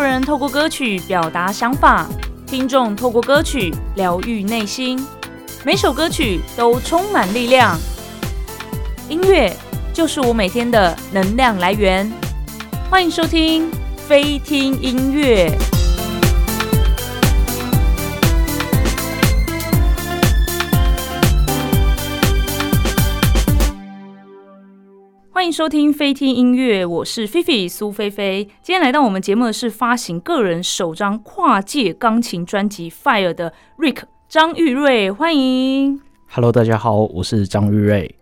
人透過歌曲表達想法，聽眾透過歌曲療癒內心。每首歌曲都充滿力量，音樂就是我每天的能量來源。歡迎收聽菲聽音樂。歡迎收聽菲聽音樂，我是菲菲蘇菲菲。今天來到我們節目的是發行個人首張跨界鋼琴專輯《Fire》的 Rick 張育瑞，歡迎。Hello，大家好，我是張育瑞。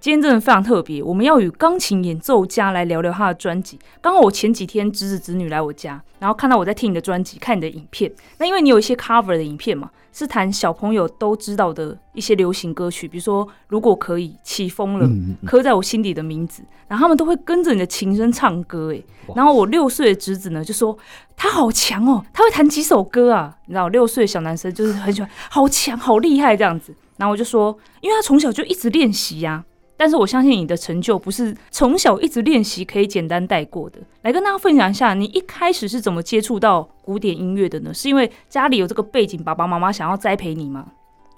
今天真的非常特別，我們要與鋼琴演奏家來聊聊他的專輯。剛好我前幾天侄子侄女來我家，然後看到我在聽你的專輯，看你的影片。那因為你有一些 cover 的影片嘛，是彈小朋友都知道的一些流行歌曲，比如說《如果可以》、《起風了》、《刻在我心底的名字》嗯。嗯、然後他們都會跟着你的琴聲唱歌，欸，哎。然後我六歲的侄子呢就說：“他好強哦，喔，他會彈幾首歌啊？”你知道，六歲的小男生就是很喜歡，好強，好厲害這樣子。然後我就說：“因為他從小就一直練習呀。”但是我相信你的成就不是從小一直練習可以簡單帶過的。來跟大家分享一下，你一開始是怎麼接觸到古典音樂的呢？是因為家裡有這個背景，爸爸媽媽想要栽培你嗎？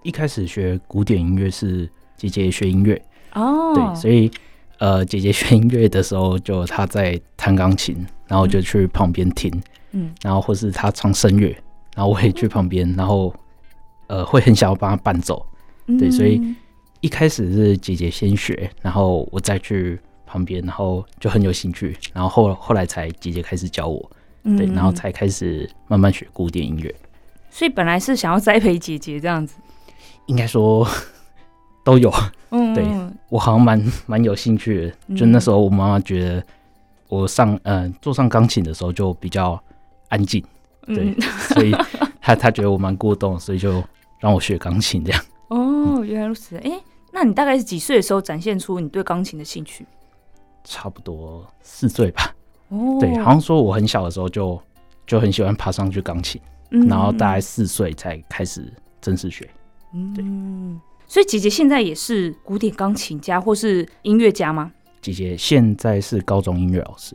一開始學古典音樂是姐姐學音樂哦，對，所以呃，姐姐學音樂的時候就她在彈鋼琴，然後我就去旁邊聽，嗯，然後或是她唱聲樂，然後我也去旁邊、嗯，然後呃會很想要幫她伴奏、嗯，對，所以。一開始是姐姐先學，然後我再去旁邊，然後就很有興趣，然後後後來才姐姐開始教我、嗯，對，然後才開始慢慢學古典音樂。所以本來是想要栽培姐姐這樣子，應該說都有。嗯，嗯，對，我好像蠻蠻有興趣的、嗯。就那時候我媽媽覺得我上呃坐上鋼琴的時候就比較安靜，對，嗯、所以她她覺得我蠻過動，所以就讓我學鋼琴這樣。哦，嗯、原來如此，哎、欸。那你大概是幾歲的時候展現出你對鋼琴的興趣？差不多四歲吧。哦，對，好像說我很小的時候就就很喜歡爬上去鋼琴。嗯，然後大概四歲才開始正式學。嗯，對。所以姐姐現在也是古典鋼琴家或是音樂家嗎？姐姐現在是高中音樂老師。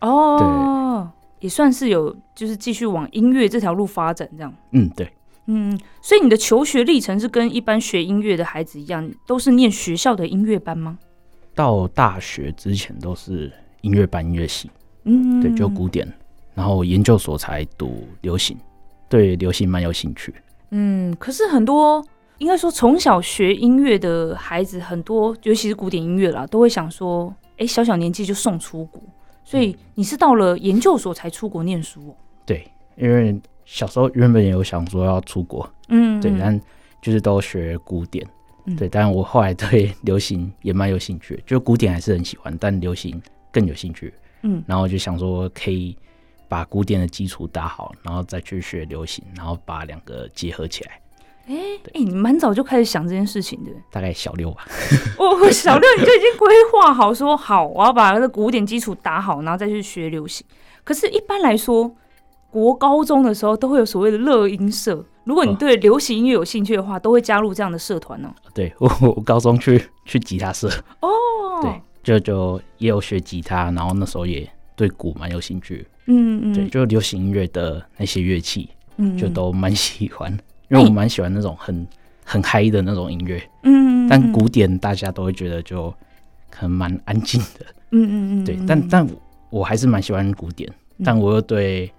哦，對，也算是有就是繼續往音樂這條路發展這樣。嗯，對。嗯，所以你的求學歷程是跟一般學音樂的孩子一樣，都是念學校的音樂班嗎？到大學之前都是音樂班、音樂系，嗯，對，就古典，然後研究所才讀流行，對，流行蠻有興趣。嗯，可是很多應該說從小學音樂的孩子，很多尤其是古典音樂啦，都會想說，哎，小小年紀就送出國，所以你是到了研究所才出國念書喔？嗯，對，因為。小時候原本也有想說要出國，嗯，嗯，對，但就是都學古典，嗯、對，但我後來對流行也蠻有興趣，嗯，就古典還是很喜歡，但流行更有興趣，嗯，然後我就想說可以把古典的基礎打好，然後再去學流行，然後把兩個結合起來。哎、欸，哎、欸，你蠻早就開始想這件事情的，大概小六吧？我 我、哦、小六你就已經規劃好說好，我要把那個古典基礎打好，然後再去學流行。可是一般來說。國高中的時候都會有所謂的樂音社，如果你對流行音樂有興趣的話、哦，都會加入這樣的社團哦。對，我高中去去吉他社哦，對，就就也有學吉他，然後那時候也對鼓蠻有興趣。嗯嗯，對，就流行音樂的那些樂器，嗯，嗯，就都蠻喜歡，因為我蠻喜歡那種很、欸、很嗨的那種音樂。嗯，嗯，嗯，但古典大家都會覺得就可能蠻安靜的。嗯，嗯嗯嗯，對，但但我還是蠻喜歡古典，嗯、但我又對。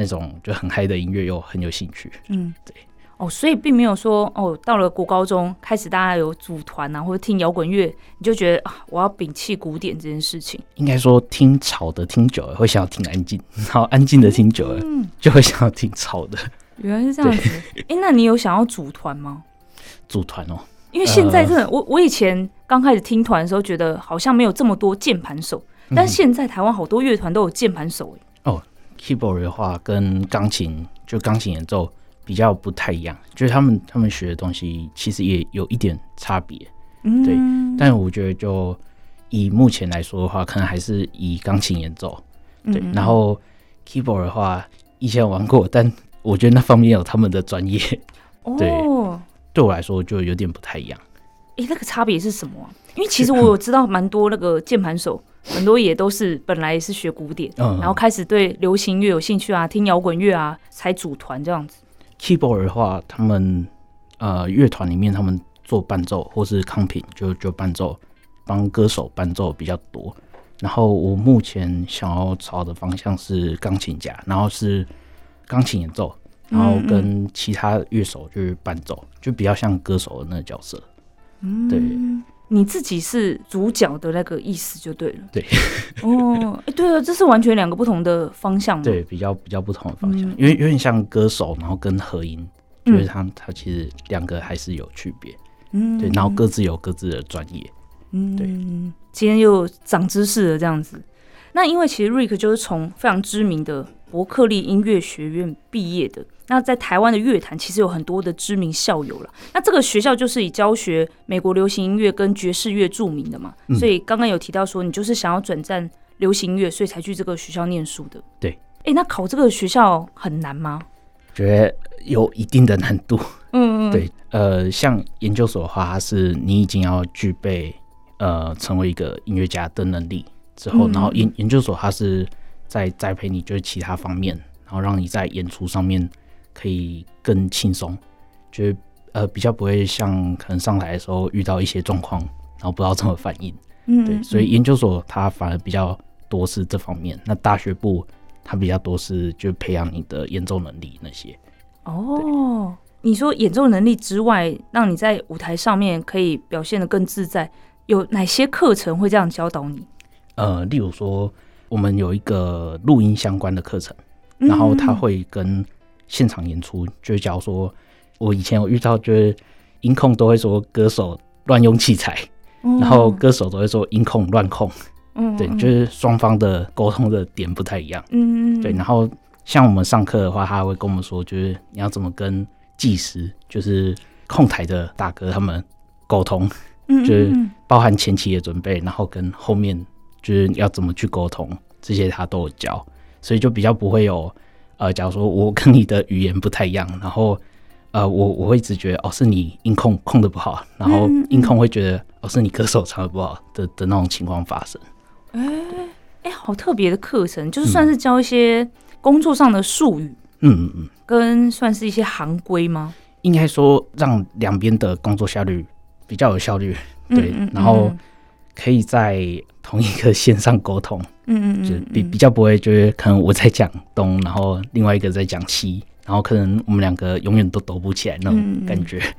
那種就很嗨的音樂又很有興趣，嗯，對，哦，所以並沒有說哦，到了國高中開始大家有組團啊，或者聽搖滾樂，你就覺得啊，我要摒棄古典這件事情。應該說聽吵的聽久了會想要聽安靜，然後安靜的聽久了，嗯，就會想要聽吵的。原來是這樣子，哎、欸，那你有想要組團嗎？組團哦，因為現在真的，我、呃、我以前剛開始聽團的時候，覺得好像沒有這麼多鍵盤手、嗯，但現在台灣好多樂團都有鍵盤手、欸，哎，哦。Keyboard 的話跟鋼琴就鋼琴演奏比較不太一樣，就是他們他們學的東西其實也有一點差別，嗯，對。但我覺得就以目前來說的話，可能還是以鋼琴演奏，對，嗯嗯。然後 Keyboard 的話以前玩過，但我覺得那方面有他們的專業，哦，對。對我來說就有點不太一樣。欸、那個差別是什麼啊？因為其實我知道蠻多那個鍵盤手，很多也都是本來也是學古典，嗯嗯然後開始對流行樂有興趣啊，聽搖滾樂啊，才組團這樣子。Keyboard 的話，他們呃樂團裡面他們做伴奏或是康品，就就伴奏幫歌手伴奏比較多。然後我目前想要朝的方向是鋼琴家，然後是鋼琴演奏，然後跟其他樂手去伴奏，嗯嗯就比較像歌手的那個角色。嗯，對，你自己是主角的那個意思就對了。對， 哦，哎、欸，對啊，這是完全兩個不同的方向嘛？對，比較比較不同的方向，嗯、因為有點像歌手，然後跟合音，嗯、就是他他其實兩個還是有區別。嗯，對，然後各自有各自的專業。嗯，對，今天又長知識了這樣子。那因為其實 Rick 就是從非常知名的。伯克利音樂學院畢業的，那在台灣的樂壇其實有很多的知名校友了。那這個學校就是以教學美國流行音樂跟爵士樂著名的嘛，嗯、所以剛剛有提到說你就是想要轉戰流行音樂，所以才去這個學校念書的。對，哎、欸，那考這個學校很難嗎？覺得有一定的難度。嗯嗯。對，呃，像研究所的話，它是你已經要具備呃成為一個音樂家的能力之後，然後研研究所它是。再栽培你，就是其他方面，然後讓你在演出上面可以更輕鬆，就是呃比較不會像可能上台的時候遇到一些狀況，然後不知道怎麼反應。嗯，嗯，嗯、對，所以研究所它反而比較多是這方面，那大學部它比較多是就培養你的演奏能力那些。哦，你說演奏能力之外，讓你在舞台上面可以表現得更自在，有哪些課程會這樣教導你？呃，例如說。我們有一個錄音相關的課程，然後他會跟現場演出，嗯、就是假如說我以前我遇到，就是音控都會說歌手亂用器材、哦，然後歌手都會說音控亂控，嗯、哦，對，就是雙方的溝通的點不太一樣，嗯對。然後像我們上課的話，他會跟我們說，就是你要怎麼跟技師，就是控台的大哥他們溝通、嗯，就是包含前期的準備，然後跟後面。就是要怎麼去溝通，這些他都有教，所以就比較不會有，呃，假如說我跟你的語言不太一樣，然後，呃，我我會一直覺得哦，是你音控控的不好，然後音控會覺得、嗯、哦，是你歌手唱的不好的，的的那種情況發生。哎哎、欸欸，好特別的課程，就是算是教一些工作上的術語，嗯嗯嗯，跟算是一些行規嗎？應該說讓兩邊的工作效率比較有效率，對，嗯嗯嗯、然後。可以在同一個線上溝通，嗯嗯，嗯，嗯就比比較不會，就是可能我在講東，然後另外一個在講西，然後可能我們兩個永遠都抖不起來那種感覺。嗯嗯，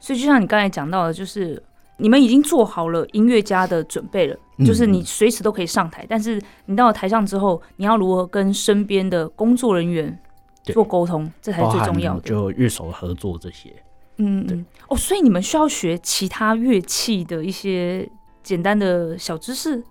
所以就像你剛才講到的，就是你們已經做好了音樂家的準備了，嗯嗯，就是你隨時都可以上台，但是你到了台上之後，你要如何跟身邊的工作人員做溝通，這才是最重要的。就樂手合作這些，嗯，嗯，對哦，所以你們需要學其他樂器的一些。簡單的小知識，誒、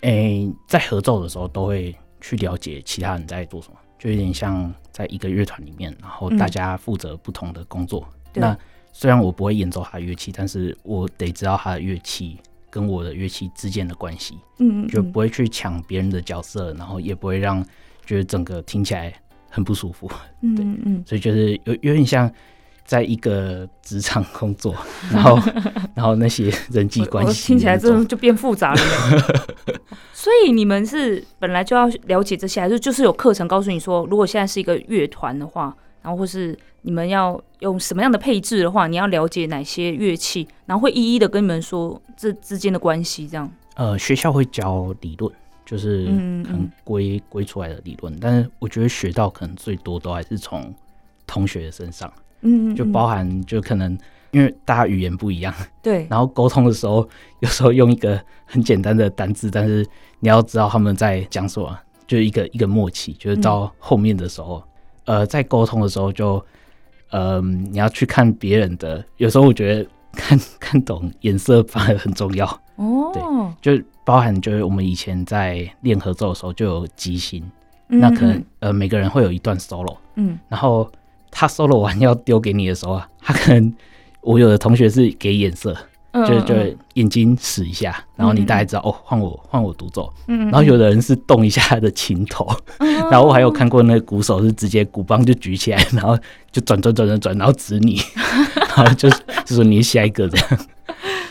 欸，在合奏的時候都會去了解其他人在做什麼，就有點像在一個樂團裡面，然後大家負責不同的工作。嗯、那雖然我不會演奏他樂器，但是我得知道他的樂器跟我的樂器之間的關係，嗯,嗯,嗯，就不會去搶別人的角色，然後也不會讓覺得整個聽起來很不舒服。嗯嗯,嗯對，所以就是有有點像在一個職場工作，然後，然後那些人際關係 聽起來真的就變複雜了。 所以你們是本來就要了解這些，還是就是有課程告訴你說，如果現在是一個樂團的話，然後或是你們要用什麼樣的配置的話，你要了解哪些樂器，然後會一一的跟你們說，這之間的關係這樣。呃，學校會教理論，就是很歸、歸出來的理論、嗯嗯，但是我覺得學到可能最多都還是從同學的身上。嗯，就包含就可能因為大家語言不一樣，對，然後溝通的時候有時候用一個很簡單的單字，但是你要知道他們在講什麼，就一個一個默契。就是到後面的時候，嗯、呃，在溝通的時候就，嗯、呃，你要去看別人的，有時候我覺得看看懂顏色反而很重要。哦，對，就包含就是我們以前在練合奏的時候就有即興、嗯嗯，那可能呃每個人會有一段 solo，嗯，然後。他 Solo 完要丟給你的時候，啊，他可能我有的同學是給眼色，嗯、就是就眼睛使一下，然後你大概知道、嗯、哦，換我換我獨奏。嗯，嗯，嗯，然後有的人是動一下他的琴頭嗯嗯，然後我還有看過那個鼓手是直接鼓棒就舉起來，嗯、然後就轉轉轉轉轉，然後指你， 然後就是就說你下一個這樣，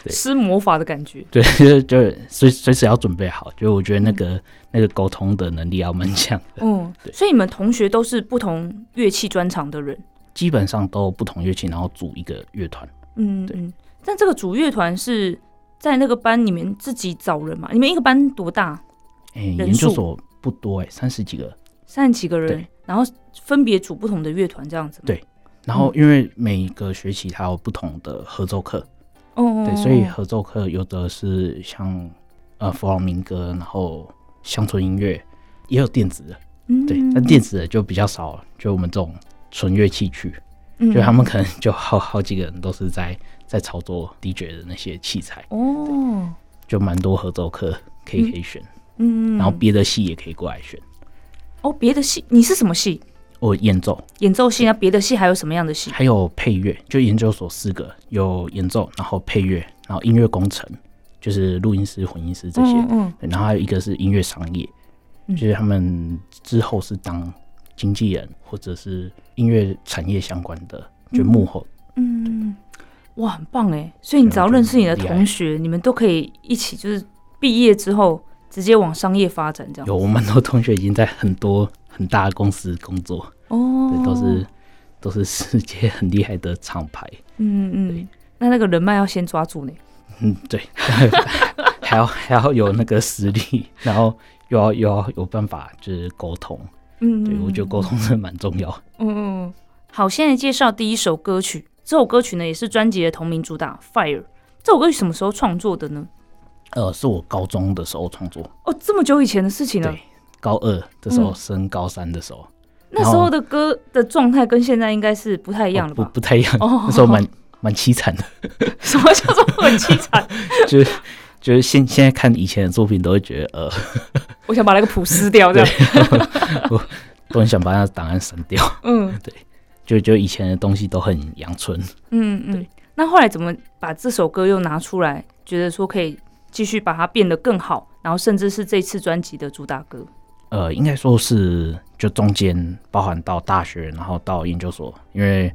對 施魔法的感覺。對，就就隨隨時要準備好。就我覺得那個。嗯那個溝通的能力要蠻強。嗯、哦，所以你們同學都是不同樂器專長的人，基本上都不同樂器，然後組一個樂團。嗯，對。嗯，但這個組樂團是在那個班裡面自己找人嘛？你們一個班多大？哎、欸，研究所不多。哎、欸，三十幾個。三十幾個人，然後分別組不同的樂團這樣子。對。然後，然後因為每一個學期它有不同的合奏課。哦、嗯。對，所以合奏課有的是像呃佛朗明哥，然後。鄉村音樂也有電子的，嗯，對，但電子的就比較少。就我們這種純樂器曲，嗯，就他們可能就好好幾個人都是在在操作 DJ 的那些器材，哦，就蠻多合奏課可以，嗯，可以選，嗯，然後別的系也可以過來選。哦，別的系你是什麼系？我演奏演奏系啊，別的系還有什麼樣的系？還有配樂，就研究所四個有演奏，然後配樂，然後音樂工程。就是錄音師、混音師這些，嗯嗯，然後還有一個是音樂商業，嗯嗯，就是他們之後是當經紀人或者是音樂產業相關的，嗯嗯，就幕後。嗯，哇，很棒哎！所以你只要認識你的同學，嗯，就是、你們都可以一起，就是畢業之後直接往商業發展這樣。有，我們很多同學已經在很多很大的公司工作哦。對，都是都是世界很厲害的廠牌。嗯嗯，那那個人脈要先抓住呢。嗯，對，還要 還要有那個實力，然後又要又要有辦法，就是溝通。嗯，對，我覺得溝通是蠻重要的。嗯，好，現在介紹第一首歌曲。這首歌曲呢，也是專輯的同名主打《Fire》。這首歌是什麼時候創作的呢？呃，是我高中的時候創作。哦，這麼久以前的事情了、啊。對，高二的時候，嗯、升高三的時候。那時候的歌的狀態跟現在應該是不太一樣的吧、哦？不，不太一樣。哦、那時候蠻、哦。蠻淒慘的。什麼叫做很淒慘 就是就是現現在看以前的作品，都會覺得呃，我想把那個譜撕掉。對， 我我很想把那個檔案刪掉。嗯，對，就就以前的東西都很陽春。嗯嗯對。那後來怎麼把這首歌又拿出來？覺得說可以繼續把它變得更好，然後甚至是這次專輯的主打歌。呃，應該說是就中間包含到大學，然後到研究所，因為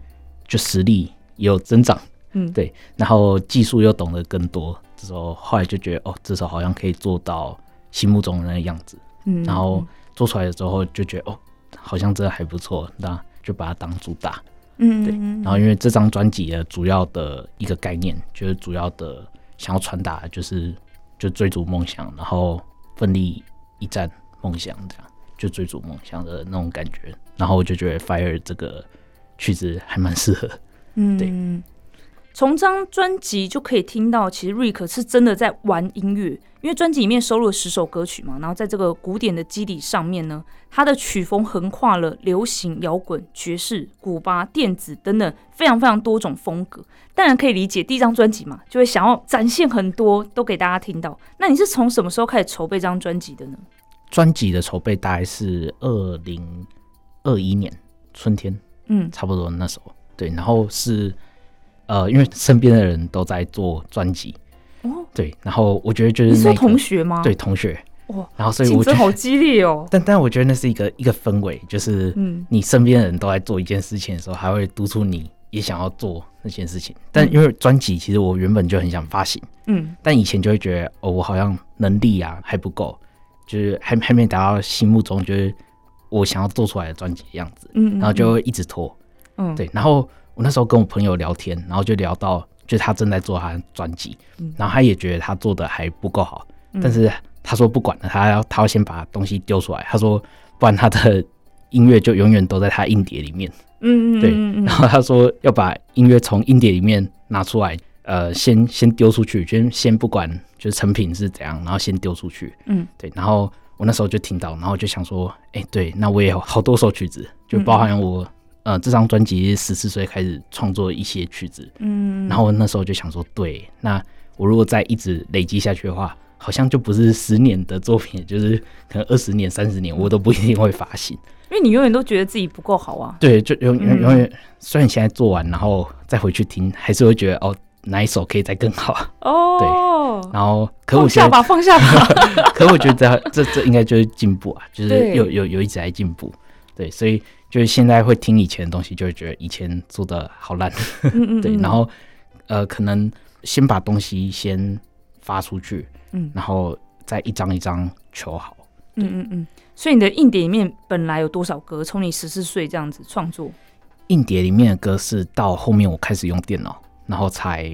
就實力。有增長，嗯，對，然後技術又懂得更多，這時候後來就覺得哦，這首好像可以做到心目中的那個樣子，嗯，然後做出來了之後就覺得哦，好像真的還不錯，那就把它當主打，嗯，對，然後因為這張專輯的主要的一個概念，就是主要的想要傳達就是就追逐夢想，然後奮力一戰夢想這樣，就追逐夢想的那種感覺，然後我就覺得《Fire》這個曲子還蠻適合。嗯，對。從這張專輯就可以聽到，其實 Rick 是真的在玩音樂，因為專輯裡面收錄了十首歌曲嘛。然後在這個古典的基底上面呢，他的曲風橫跨了流行、搖滾、爵士、古巴、電子等等非常非常多種風格。當然可以理解，第一張專輯嘛，就會想要展現很多都給大家聽到。那你是從什麼時候開始籌備這張專輯的呢？專輯的籌備大概是二零二一年春天，嗯，差不多那時候。對，然後是，呃，因為身邊的人都在做專輯，哦，對，然後我覺得就是說同學嗎？對，同學，哇，然後所以我覺得好激烈哦。但但我覺得那是一個一個氛圍，就是嗯，你身邊的人都在做一件事情的時候，還會督促你也想要做那件事情。但因為專輯，其實我原本就很想發行，嗯，但以前就會覺得哦，我好像能力啊還不夠，就是還還沒達到心目中就是我想要做出來的專輯的樣子，嗯，嗯，然後就一直拖。嗯、oh.，對。然後我那時候跟我朋友聊天，然後就聊到，就他正在做他的專輯，mm -hmm. 然後他也覺得他做的還不夠好，mm -hmm. 但是他說不管了，他要他要先把東西丟出來。他說，不然他的音樂就永遠都在他硬碟裡面。嗯、mm -hmm.，對。然後他說要把音樂從硬碟裡面拿出來，呃，先先丟出去，就先不管，就是成品是怎樣，然後先丟出去。嗯、mm -hmm.，對。然後我那時候就聽到，然後就想說，哎、欸，對，那我也有好多首曲子，就包含我。Mm -hmm. 呃，這張專輯十四歲開始創作一些曲子，嗯，然後那時候就想說，對，那我如果再一直累積下去的話，好像就不是十年的作品，就是可能二十年、三十年，我都不一定會發行，因為你永遠都覺得自己不夠好啊。對，就永永遠、嗯，雖然現在做完，然後再回去聽，還是會覺得哦，哪一首可以再更好？哦，對，然後可我放下吧，放下吧， 可我覺得這這這應該就是進步啊，就是有有有，有一直在進步，對，所以。就是現在會聽以前的東西，就會覺得以前做的好爛。嗯嗯嗯。 對。然後，呃，可能先把東西先發出去，嗯，然後再一張一張求好，對。嗯嗯嗯。所以你的硬碟裡面本來有多少歌？從你十四歲這樣子創作，硬碟裡面的歌是到後面我開始用電腦，然後才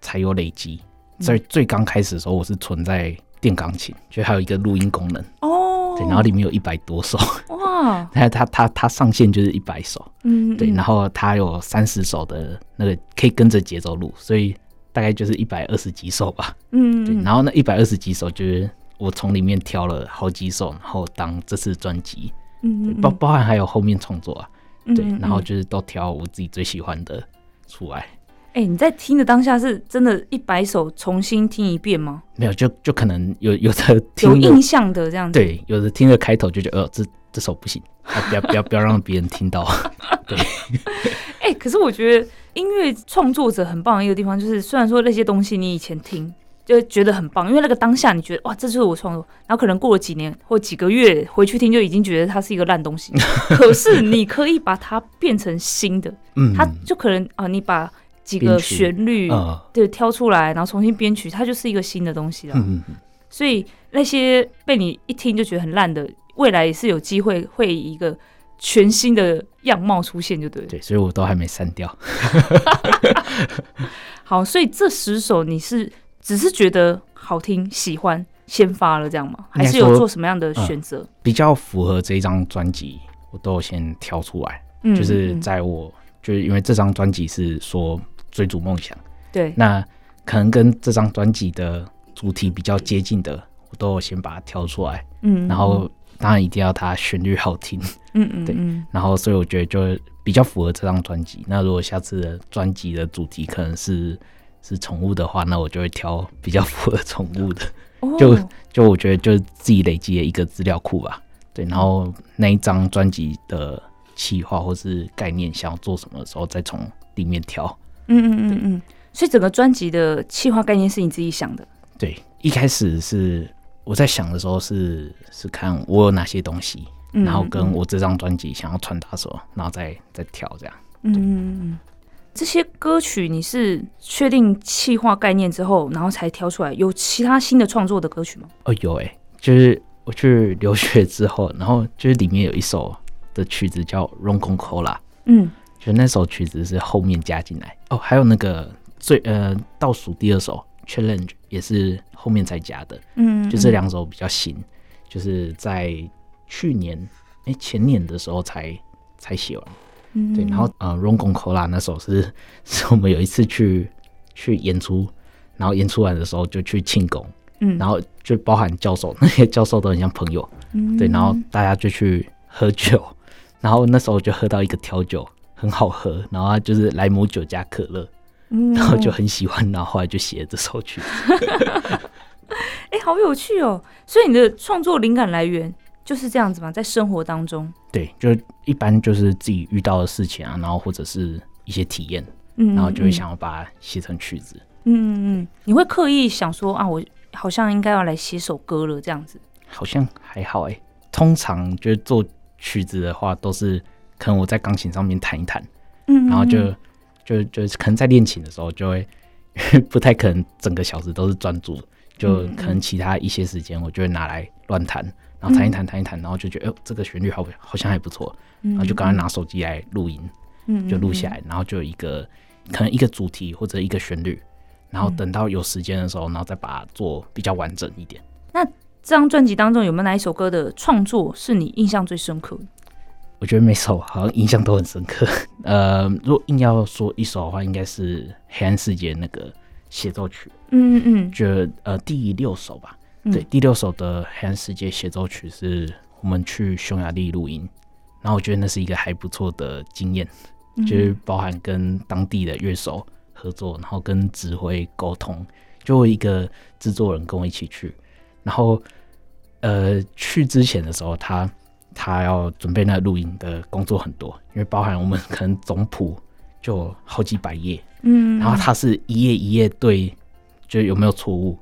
才有累積。在最剛開始的時候，我是存在電鋼琴，就還有一個錄音功能哦。對，然後裡面有一百多首，哇！但它它它上線就是一百首，嗯，嗯，嗯，對。然後它有三十首的那個可以跟着節奏錄，所以大概就是一百二十幾首吧，嗯，嗯。對，然後那一百二十幾首，就是我從裡面挑了好幾首，然後當這次專輯，嗯，包包含還有後面創作啊嗯嗯嗯，對，然後就是都挑我自己最喜歡的出來。哎、欸，你在聽的當下是真的一百首重新聽一遍嗎？沒有，就就可能有有的聽有,有印象的這樣子。對，有的聽着開頭就覺得，呃、哦，這這首不行，啊、不要不要 不要讓別人聽到。對。哎、欸，可是我覺得音樂創作者很棒的一個地方就是，雖然說那些東西你以前聽就會覺得很棒，因為那個當下你覺得哇，這就是我創作，然後可能過了幾年或幾個月回去聽，就已經覺得它是一個爛東西。 可是你可以把它變成新的，嗯，它就可能啊，你把幾個旋律、嗯、旋律對，挑出來，然後重新編曲，它就是一個新的東西了、嗯。所以那些被你一聽就覺得很爛的，未來也是有機會會以一個全新的樣貌出現，就對了。對，所以我都還沒刪掉。 好，所以這十首你是只是覺得好聽、喜歡，先發了這樣嗎？還是有做什麼樣的選擇、嗯？比較符合這一張專輯，我都有先挑出來。嗯、就是在我、嗯、就是因為這張專輯是說。追逐夢想，對，那可能跟這張專輯的主題比較接近的，我都有先把它挑出來，嗯，嗯，然後當然一定要它旋律好聽，嗯嗯，嗯，對，然後所以我覺得就比較符合這張專輯。那如果下次的專輯的主題可能是是寵物的話，那我就會挑比較符合寵物的，嗯嗯 就就我覺得就自己累積的一個資料庫吧，對，然後那一張專輯的企劃或是概念想要做什麼的時候，再從裡面挑。嗯嗯嗯嗯，所以整個專輯的企劃概念是你自己想的？對，一開始是我在想的時候是是看我有哪些東西，嗯、然後跟我這張專輯想要傳達什麼，然後再再挑這樣嗯。嗯，這些歌曲你是確定企劃概念之後，然後才挑出來？有其他新的創作的歌曲嗎？哦，有哎、欸，就是我去留學之後，然後就是裡面有一首的曲子叫《Rong Kong Cola》。嗯。就那首曲子是後面加進來，哦，還有那個最呃倒數第二首《Challenge》也是後面才加的，嗯，就這、是、兩首比較新，就是在去年哎、欸、前年的時候才才寫完，嗯，對，然後呃《Rong Kong Cola》那首是是我們有一次去去演出，然後演出來的時候就去慶功，嗯，然後就包含教授那些教授都很像朋友，嗯，對，然後大家就去喝酒，然後那時候就喝到一個調酒。很好喝，然後就是萊姆酒加可樂，嗯哦，然後就很喜歡，然後後來就寫了這首曲子。哎、 欸，好有趣哦！所以你的創作靈感來源就是這樣子嗎？在生活當中？對，就一般就是自己遇到的事情啊，然後或者是一些體驗，嗯嗯嗯，然後就會想要把它寫成曲子。嗯嗯嗯，你會刻意想說啊，我好像應該要來寫首歌了這樣子？好像還好哎、欸，通常就是做曲子的話都是。可能我在鋼琴上面彈一彈，嗯，嗯，然後就就就可能在練琴的時候就會 不太可能整個小時都是專注，就可能其他一些時間我就會拿來亂彈、嗯嗯，然後彈一彈彈一彈，然後就覺得，哎、嗯呃，這個旋律好，好像還不錯，然後就剛剛拿手機來錄音，嗯，嗯，就錄下來，然後就一個可能一個主題或者一個旋律，然後等到有時間的時候，然後再把它做比較完整一點。那這張專輯當中有沒有哪一首歌的創作是你印象最深刻？我覺得每首好像印象都很深刻。呃，如果硬要說一首的話，應該是《黑暗世界》那個協奏曲。嗯嗯，就呃第六首吧。對，第六首的《黑暗世界》協奏曲是我們去匈牙利錄音，然後我覺得那是一個還不錯的經驗，就是包含跟當地的樂手合作，然後跟指揮溝通，就一個製作人跟我一起去。然後，呃，去之前的時候他。他要準備那錄音的工作很多，因為包含我們可能總譜就好幾百頁，嗯，然後他是一頁一頁對，就有沒有錯誤。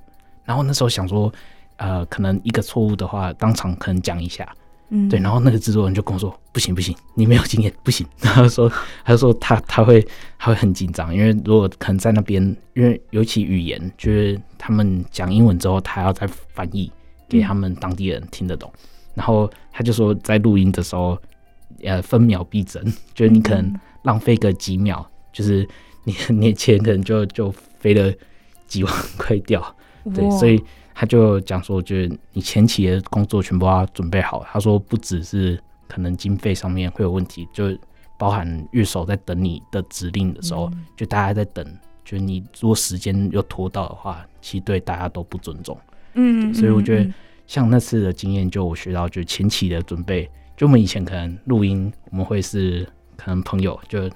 然後那時候想說，呃，可能一個錯誤的話，當場可能講一下，嗯，對。然後那個製作人就跟我說，不行不行，你沒有經驗，不行。 他就說他，他說他他會他會很緊張，因為如果可能在那邊，因為尤其語言，就是他們講英文之後，他還要再翻譯給他們當地人聽得懂。然後他就說，在錄音的時候，呃，分秒必爭，就是你可能浪費個幾秒，嗯、就是你你錢可能就就飛了幾萬塊掉，對，所以他就講說，就你前期的工作全部要準備好。他說不只是可能經費上面會有問題，就包含樂手在等你的指令的時候，嗯、就大家在等，就你如果時間又拖到的話，其實對大家都不尊重。嗯，所以我覺得。像那次的經驗，就我學到就前期的準備，就我們以前可能錄音，我們會是可能朋友就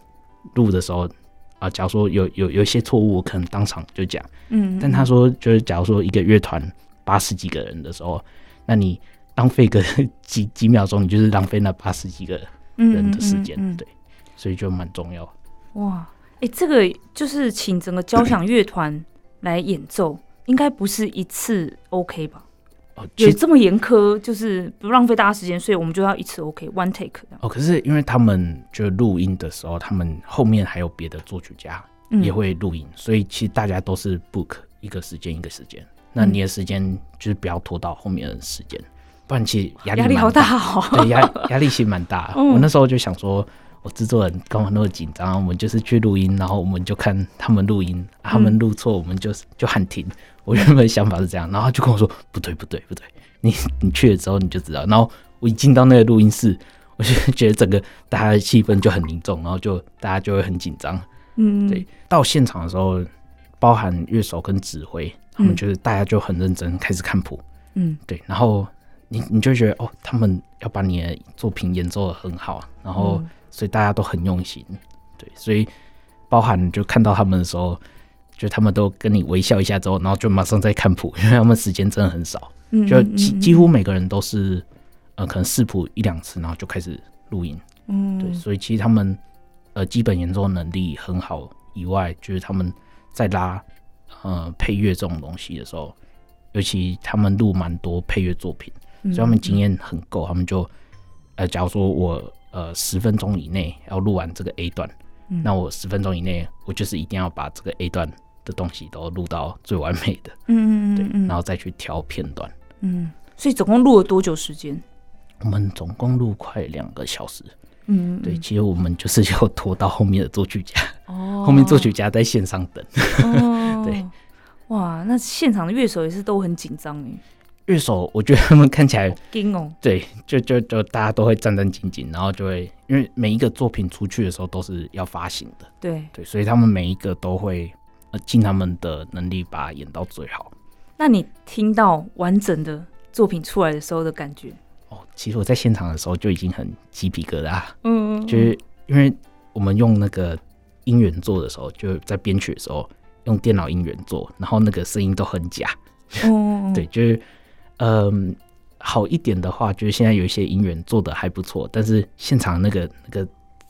錄的時候啊，假如說有有有一些錯誤，我可能當場就講。嗯，嗯。但他說，就是假如說一個樂團八十幾個人的時候，那你浪費個幾幾秒鐘，你就是浪費那八十幾個人的時間，嗯嗯嗯嗯，對，所以就蠻重要。哇，哎，這個就是請整個交響樂團來演奏， 應該不是一次 OK 吧？哦，也這麼嚴苛，就是不浪費大家時間，所以我們就要一次 OK，one take 這樣。哦，可是因為他們就是錄音的時候，他們後面還有別的作曲家也會錄音、嗯，所以其實大家都是 book 一個時間一個時間、嗯。那你的時間就是不要拖到後面的時間，不然其實壓力壓力好大哦，對壓壓力其實蠻大、 嗯。我那時候就想說，我制作人幹嘛那麼緊張，我們就是去錄音，然後我們就看他們錄音，他們錄錯我們就、嗯、就喊停。我原本想法是這樣，然後他就跟我說：“不對，不對，不對，你你去了之後你就知道。”然後我一進到那個錄音室，我就覺得整個大家的氣氛就很凝重，然後就大家就會很緊張。嗯，對。到現場的時候，包含樂手跟指揮，他們就是大家就很認真開始看譜。嗯，對。然後你你就覺得哦，他們要把你的作品演奏得很好，然後所以大家都很用心。對，所以包含就看到他們的時候。就他們都跟你微笑一下之後，然後就馬上再看譜，因為他們時間真的很少，就幾幾乎每個人都是呃可能試譜一兩次，然後就開始錄音，嗯，對，所以其實他們呃基本演奏能力很好以外，就是他們在拉呃配樂這種東西的時候，尤其他們錄蠻多配樂作品，所以他們經驗很夠，他們就呃假如說我呃十分鐘以內要錄完這個 A 段，那我十分鐘以內我就是一定要把這個 A 段。的東西都錄到最完美的，嗯，嗯，嗯，嗯對，然後再去挑片段，嗯，所以總共錄了多久時間？我們總共錄快兩個小時，嗯，嗯，嗯，對，其實我們就是要拖到後面的作曲家，哦，後面作曲家在線上等，哦、 對，哇，那現場的樂手也是都很緊張哎，樂手我覺得他們看起來，驚哦、對，就就就大家都會戰戰兢兢，然後就會因為每一個作品出去的時候都是要發行的，對對，所以他們每一個都會。盡他們的能力把它演到最好。那你聽到完整的作品出來的時候的感覺？哦，其實我在現場的時候就已經很雞皮疙瘩、啊。嗯，就是因為我們用那個音源做的時候，就在編曲的時候用電腦音源做，然後那個聲音都很假。 嗯、對，就是嗯、呃，好一點的話，就是現在有一些音源做的還不錯，但是現場那個那個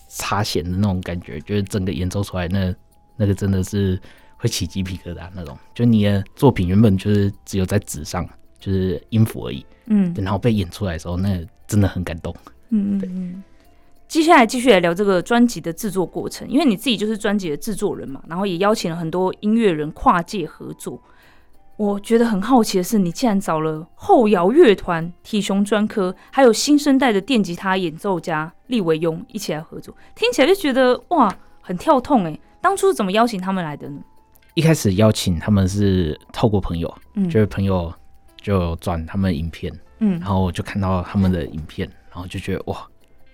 擦弦的那種感覺，就是整個演奏出來的那個、那個真的是。會起雞皮疙瘩、啊、那種，就你的作品原本就是只有在紙上，就是音符而已，嗯，然後被演出來的時候，那真的很感動，嗯對嗯，嗯，接下來繼續來聊這個專輯的制作過程，因為你自己就是專輯的制作人嘛，然後也邀請了很多音樂人跨界合作。我覺得很好奇的是，你竟然找了後搖樂團體熊專科，還有新生代的電吉他演奏家利維庸一起來合作，聽起來就覺得哇，很跳痛哎、欸！當初怎麼邀請他們來的呢？一開始邀請他們是透過朋友，嗯、就是朋友就轉他們影片，嗯，然後我就看到他們的影片，然後就覺得哇，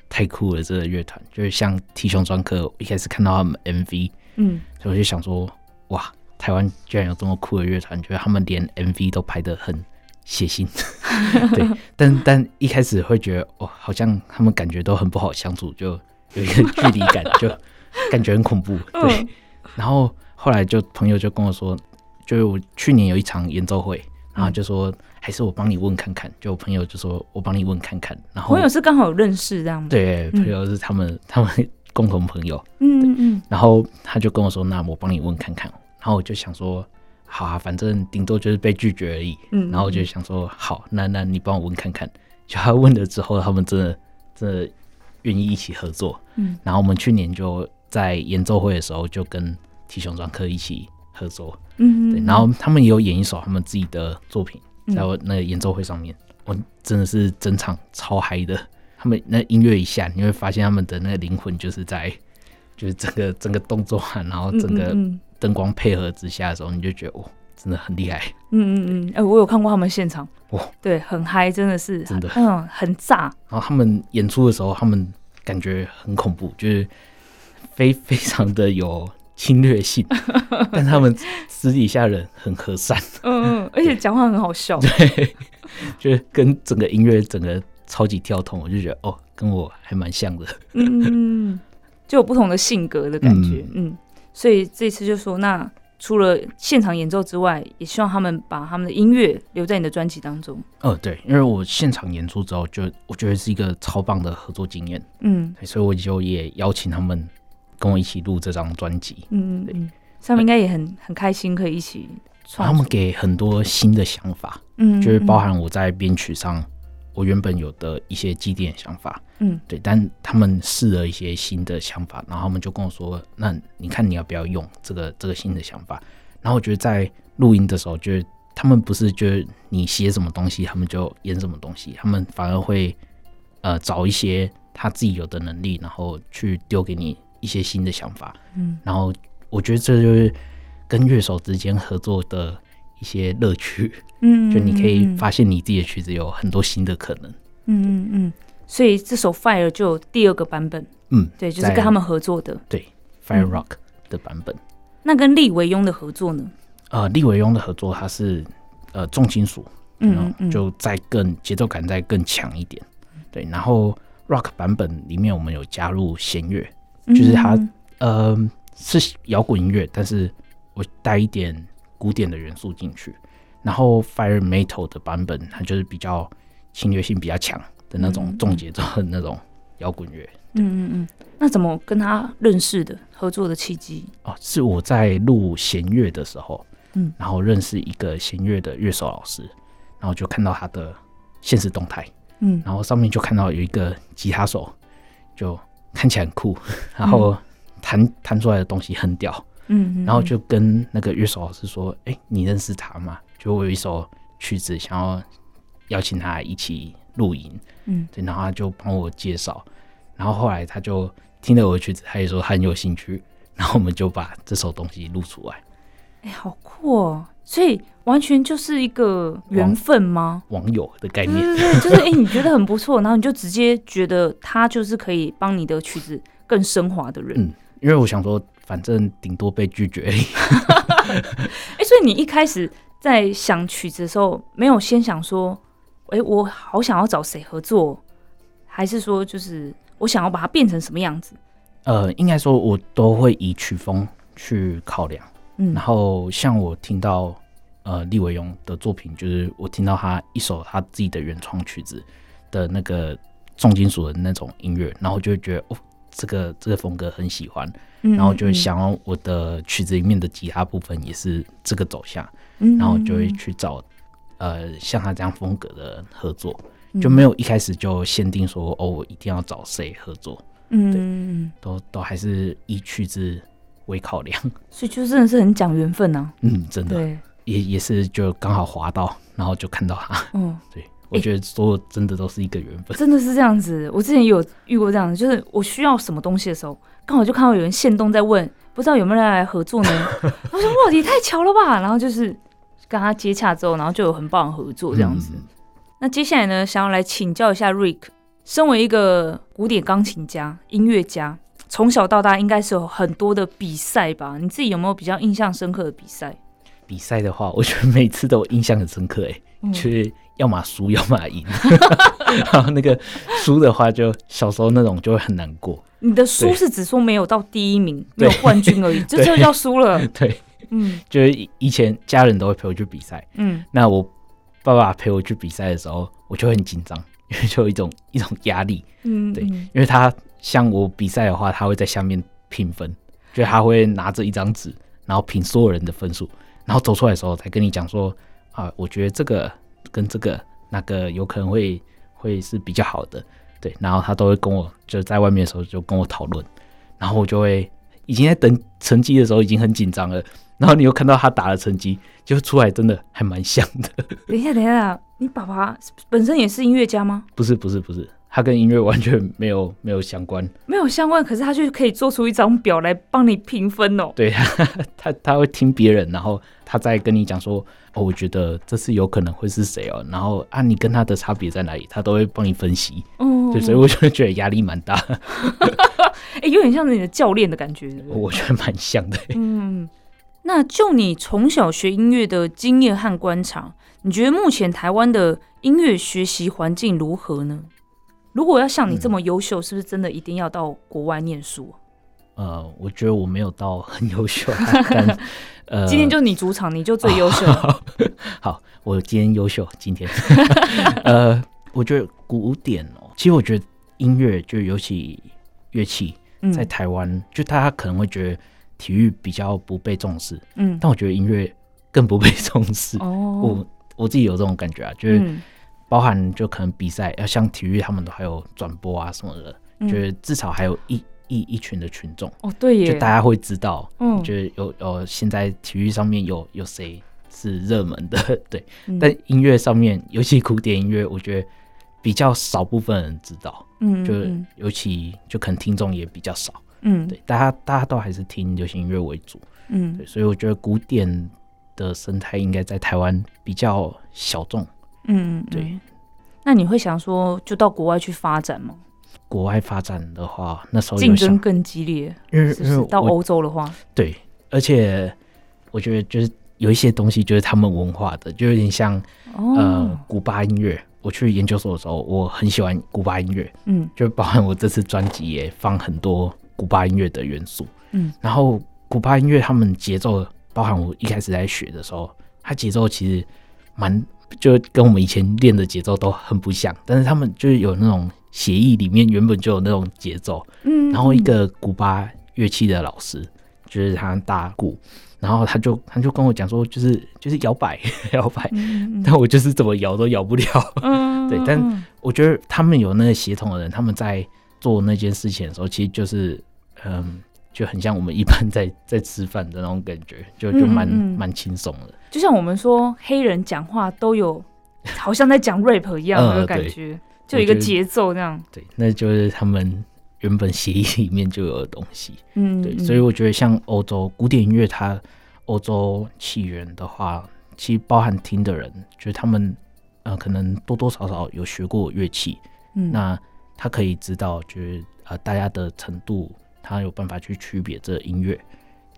太酷了！這個樂團就是像體熊專科，一開始看到他們 MV，嗯，所以我就想說哇，台灣居然有這麼酷的樂團，覺得他們連 MV 都拍的很血腥。 對。但但一開始會覺得哦，好像他們感覺都很不好相處，就有一個距離感， 就感覺很恐怖，對。嗯、然後。後來就朋友就跟我說，就去年有一場演奏會，然後就說還是我幫你問看看。就我朋友就說，我幫你問看看。然後朋友是剛好認識這樣嗎？對、嗯，朋友是他們他們共同朋友。嗯，嗯嗯。然後他就跟我說，那我幫你問看看。然後我就想說，好啊，反正頂多就是被拒絕而已。嗯，嗯。然後我就想說，好，那那你幫我問看看。就他問了之後，他們真的真的願意一起合作。嗯。然後我們去年就在演奏會的時候就跟體熊專科一起合作，嗯，對，然後他們也有演一首他們自己的作品，在我那個演奏會上面，我、嗯、真的是整場超嗨的。他們那個音樂一下，你會發現他們的那個靈魂就是在，就是整個整個動作、啊，然後整個燈光配合之下的時候，你就覺得哇，真的很厲害。嗯嗯嗯，哎、嗯嗯呃，我有看過他們現場，哇，對，很嗨，真的是，真的，嗯，很炸。然後他們演出的時候，他們感覺很恐怖，就是非非常的有。 侵略性，但他們私底下人很和善， 嗯，而且講話很好笑，對，對就是跟整個音樂整個超級跳 tone，我就覺得哦，跟我還蠻像的，嗯，就有不同的性格的感覺，嗯，嗯，所以這次就說，那除了現場演奏之外，也希望他們把他們的音樂留在你的專輯當中。哦，對，因為我現場演出之後，就我覺得是一個超棒的合作經驗，嗯，所以我就也邀請他們。跟我一起錄這張專輯，嗯，對，他們應該也很、嗯、很開心，可以一起創作。然後他們給很多新的想法，嗯，嗯，嗯，就是包含我在編曲上，我原本有的一些既定想法，嗯，對。但他們試了一些新的想法，然後他們就跟我說：“那你看你要不要用這個這個新的想法？”然後我覺得在錄音的時候，就是他們不是覺得你寫什麼東西，他們就演什麼東西，他們反而會呃找一些他自己有的能力，然後去丟給你。一些新的想法，嗯，然後我覺得這就是跟樂手之間合作的一些樂趣，嗯,嗯,嗯,嗯，就你可以發現你自己的曲子有很多新的可能，嗯嗯嗯，所以這首 Fire 就有第二個版本，嗯，對，就是跟他們合作的，對，Fire Rock 的版本。嗯、那跟利維庸的合作呢？呃，利維庸的合作他，它是呃重金屬，嗯,嗯,嗯,嗯，就再更節奏感再更強一點，對，然後 Rock 版本裡面我們有加入弦樂。就是他，呃，是搖滾音樂，但是我帶一點古典的元素進去。然後，fire metal 的版本，它就是比較侵略性比較強的那種重節奏的那種搖滾樂。對。嗯嗯嗯。那怎麼跟他認識的，合作的契機？哦，是我在錄弦樂的時候，嗯，然後認識一個弦樂的樂手老師，然後就看到他的現實動態，嗯，然後上面就看到有一個吉他手，就。看起來很酷，然後彈、嗯、彈出來的東西很屌，嗯，然後就跟那個樂手老師說：“哎、嗯，你認識他嗎？就我有一首曲子，想要邀請他一起錄音，嗯，對，然後他就幫我介紹，然後後來他就聽了我的曲子，他也說他很有興趣，然後我們就把這首東西錄出來，哎，好酷哦！”所以完全就是一個緣分嗎？網友的概念， 對，就是哎、欸，你覺得很不錯，然後你就直接覺得他就是可以幫你的曲子更昇華的人。嗯，因為我想說，反正頂多被拒絕。哎、 欸，所以你一開始在想曲子的時候，沒有先想說，欸、我好想要找誰合作，還是說就是我想要把它變成什麼樣子？呃，應該說，我都會以曲風去考量。嗯，然後像我聽到。呃，利維勇的作品就是我聽到他一首他自己的原創曲子的那個重金屬的那種音樂，然後就會覺得哦，這個這個風格很喜歡，嗯，然後就會想要我的曲子裡面的吉他部分也是這個走向，嗯，然後就會去找，嗯，呃像他這樣風格的合作，嗯，就沒有一開始就限定說哦，我一定要找誰合作，嗯，對，嗯，都都還是以曲子為考量，所以就真的是很講緣分呢，啊。嗯，真的對。也也是就剛好滑到，然後就看到他。嗯，對我覺得所有真的都是一個緣分。欸，真的是這樣子。我之前有遇過這樣子，就是我需要什麼東西的時候，剛好就看到有人限動，在問，不知道有沒有人來合作呢？我說 哇，你也太巧了吧！然後就是跟他接洽之後，然後就有很棒的合作這樣子，嗯。那接下來呢，想要來請教一下 Rick，身為一個古典鋼琴家、音樂家，從小到大應該是有很多的比賽吧？你自己有沒有比較印象深刻的比賽？比賽的話，我覺得每次都印象很深刻誒、嗯，就是要麼輸要麼贏， 然後那個輸的話就，就小時候那種就會很難過。你的輸是指說沒有到第一名，沒有冠軍而已，就是叫輸了。對，嗯，就是以前家人都會陪我去比賽，嗯，那我爸爸陪我去比賽的時候，我就很緊張，因為就有一種一種壓力，嗯、對、嗯，因為他像我比賽的話，他會在下面評分，就是、他會拿着一張紙，然後評所有人的分數。然後走出來的時候才跟你講說，啊、呃，我覺得這個跟這個那個有可能會會是比較好的，對。然後他都會跟我，就是在外面的時候就跟我討論，然後我就會已經在等成績的時候已經很緊張了，然後你又看到他打了成績，就出來真的還蠻像的。等一下，等一下。你爸爸本身也是音樂家嗎？不是，不是，不是，他跟音樂完全沒有沒有相關，沒有相關。可是他就可以做出一張表來幫你評分哦。對，他他，他會聽別人，然後他再跟你講說：“哦，我覺得這次有可能會是誰哦。”然後啊，你跟他的差別在哪裡？他都會幫你分析。哦、嗯，所以我就覺得壓力蠻大。哎、 欸，有點像你的教練的感覺。我覺得蠻像的。嗯。那就你從小學音樂的經驗和觀察，你覺得目前台灣的音樂學習環境如何呢？如果要像你這麼優秀、嗯，是不是真的一定要到國外念書？呃，我覺得我沒有到很優秀、 呃。今天就你主場，你就最優秀、啊好。好，我今天優秀。今天， 呃，我覺得古典哦，其實我覺得音樂，就尤其樂器，嗯、在台灣，就大家可能會覺得。體育比較不被重視，嗯，但我覺得音樂更不被重視。哦，我我自己有這種感覺啊，就是包含就可能比賽，要、嗯、像體育他們都還有轉播啊什麼的，嗯、就是至少還有一一一群的群眾。哦，對耶，就大家會知道，嗯、哦，就是有呃現在體育上面有有誰是熱門的，對，嗯、但音樂上面尤其古典音樂，我覺得比較少部分人知道，嗯，就尤其就可能聽眾也比較少。嗯，對，大家大家都還是聽流行音樂為主，嗯，對，所以我覺得古典的生態應該在台灣比較小眾，嗯，對嗯。那你會想說，就到國外去發展嗎？國外發展的話，那時候競爭更激烈，因為，是不是？因為到歐洲的話，對，而且我覺得就是有一些東西就是他們文化的，就有點像，哦、呃古巴音樂。我去研究所的時候，我很喜歡古巴音樂，嗯，就包含我這次專輯也放很多。古巴音樂的元素，嗯，然後古巴音樂他們節奏，包含我一開始在學的時候，他節奏其實蠻就跟我們以前練的節奏都很不像，但是他們就是有那種血液裡面原本就有那種節奏，嗯、嗯，然後一個古巴樂器的老師就是他打鼓，然後他就他就跟我講說，就是就是搖擺搖擺，嗯，但我就是怎麼搖都搖不了，嗯嗯 對，但我覺得他們有那個協同的人，他們在做那件事情的時候，其實就是。嗯，就很像我們一般在在吃飯的那種感覺，就就蠻蠻輕鬆的。就像我們說黑人講話都有，好像在講 rap 一樣的感覺， 嗯啊、就一個節奏這樣那樣、就是。對，那就是他們原本協議裡面就有的東西。嗯，嗯，嗯，對，所以我覺得像歐洲古典音樂，它歐洲起源的話，其實包含聽的人，就是他們呃可能多多少少有學過樂器，嗯，那他可以知道，就是呃大家的程度。他有辦法去區別這音樂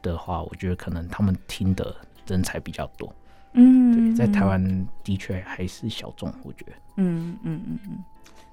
的話，我覺得可能他們聽的人才比較多。嗯，對，在台灣的確還是小眾，我覺得。嗯嗯嗯嗯，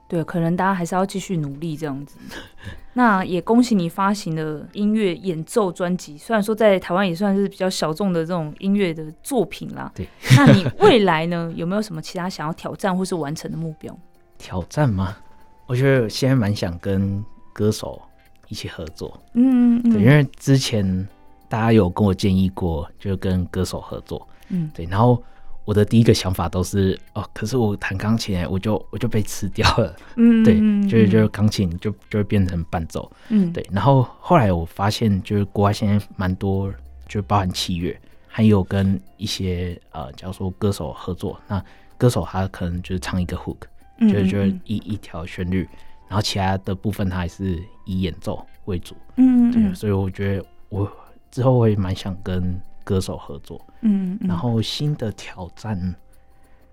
對，可能大家還是要繼續努力這樣子。 那也恭喜你發行了音樂演奏專輯，雖然說在台灣也算是比較小眾的這種音樂的作品啦。對。那你未來呢， 有沒有什麼其他想要挑戰或是完成的目標？挑戰嗎？我覺得現在蠻想跟歌手。一起合作，嗯，嗯，對，因為之前大家有跟我建議過，就是跟歌手合作，嗯，對，然後我的第一個想法都是哦，可是我彈鋼琴，我就我就被吃掉了，嗯，對，就是就是鋼琴就就會變成伴奏，嗯，對，然後後來我發現，就是國外現在蠻多，就包含器樂，還有跟一些呃，叫做歌手合作，那歌手他可能就是唱一個 hook，就、嗯、是、嗯嗯、就是一一條旋律。然後其他的部分，他還是以演奏為主，嗯，嗯，嗯，對，所以我覺得我之後會蠻想跟歌手合作，嗯，嗯，然後新的挑戰，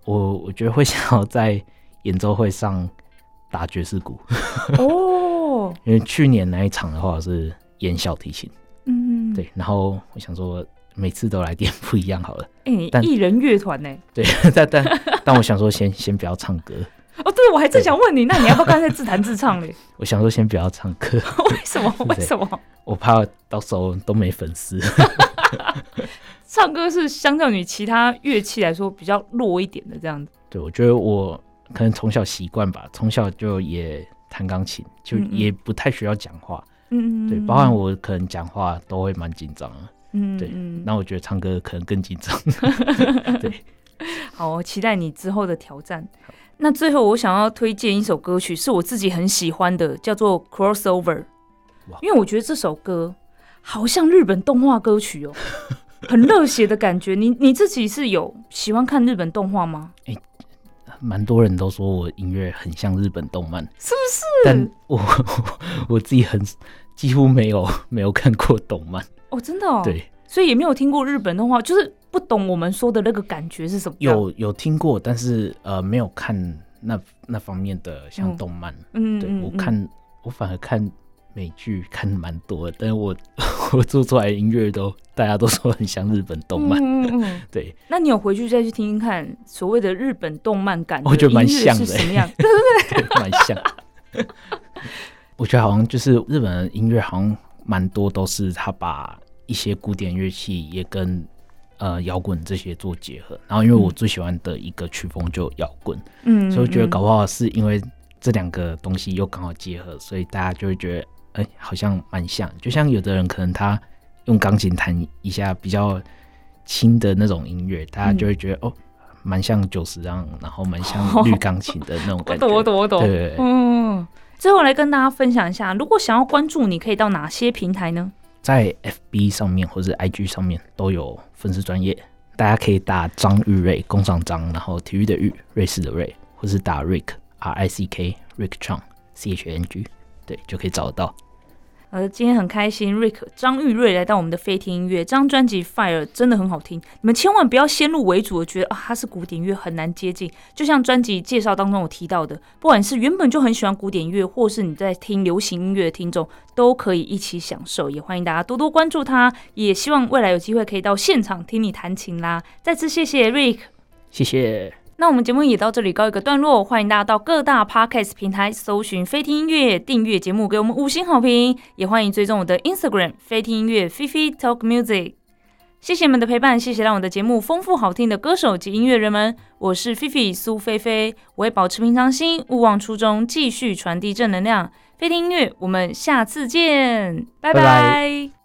我我覺得會想要在演奏會上打爵士鼓，哦， 因為去年那一場的話是演小提琴，嗯，對，然後我想說每次都來點不一樣好了，哎、欸欸，但藝人樂團呢？對， 但但但我想說先先不要唱歌。哦，對，我還正想問你，那你要不要剛才自彈自唱嘞？ 我想說，先不要唱歌， 為什麼？為什麼？我怕到時候都沒粉絲。 唱歌是相較於其他樂器來說比較弱一點的，這樣子。對，我覺得我可能從小習慣吧，從小就也彈鋼琴，就也不太需要講話。嗯,嗯對，包含我可能講話都會蠻緊張的。嗯,嗯對，那我覺得唱歌可能更緊張。嗯嗯。對。 好，我期待你之後的挑戰。那最後，我想要推薦一首歌曲，是我自己很喜歡的，叫做《Crossover》。哇！因為我覺得這首歌好像日本動畫歌曲哦， 很熱血的感覺。你你自己是有喜歡看日本動畫嗎？欸，蠻多人都說我音樂很像日本動漫，是不是？但我我，我自己很幾乎沒有沒有看過動漫哦，真的哦，對，所以也沒有聽過日本動畫，就是。不懂我們說的那個感覺是什麼？有有聽過，但是呃，沒有看那那方面的像動漫。嗯，對，嗯，我看我反而看美劇看蠻多的，但是我我做出來的音樂都大家都說很像日本動漫，嗯嗯嗯。對，那你有回去再去聽聽看所謂的日本動漫感的音樂是？我覺得蠻像的、欸、 像的，什麼樣？對對對，蠻像。我覺得好像就是日本的音樂，好像蠻多都是他把一些古典樂器也跟。呃，搖滾這些做結合，然後因為我最喜歡的一個曲風就搖滾，嗯，所以我覺得搞不好是因為這兩個東西又剛好結合，嗯，所以大家就會覺得，哎、欸，好像蠻像。就像有的人可能他用鋼琴彈一下比較輕的那種音樂，嗯，大家就會覺得哦，蠻、喔、像九十這樣然後蠻像綠鋼琴的那種感覺。我懂、哦、我懂我懂對，嗯。最後來跟大家分享一下，如果想要關注，你可以到哪些平台呢？在 FB 上面或者 IG 上面都有粉絲專頁，大家可以打張育瑞，弓長張，然後體育的育，瑞士的瑞，或是打 Rick R I C K Rick Chang C H N G，對，就可以找得到。呃，今天很開心，Rick 張育瑞來到我們的菲聽音樂，這張專輯《Fire》真的很好聽。你們千萬不要先入為主，覺得啊，它是古典樂很難接近。就像專輯介紹當中我提到的，不管是原本就很喜歡古典樂，或是你在聽流行音樂的聽眾，都可以一起享受。也歡迎大家多多關注他，也希望未來有機會可以到現場聽你彈琴啦。再次謝謝 Rick，謝謝。那我們節目也到這裡告一個段落，歡迎大家到各大 podcast 平台搜尋菲聽音樂，訂閱節目，給我們五星好評。也歡迎追蹤我的 Instagram 菲聽音樂 Fifi Talk Music。謝謝你們的陪伴，謝謝讓我的節目豐富好聽的歌手及音樂人們。我是 Fifi 蘇菲菲，我會保持平常心，勿忘初衷，繼續傳遞正能量。菲聽音樂，我們下次見，拜拜。拜拜。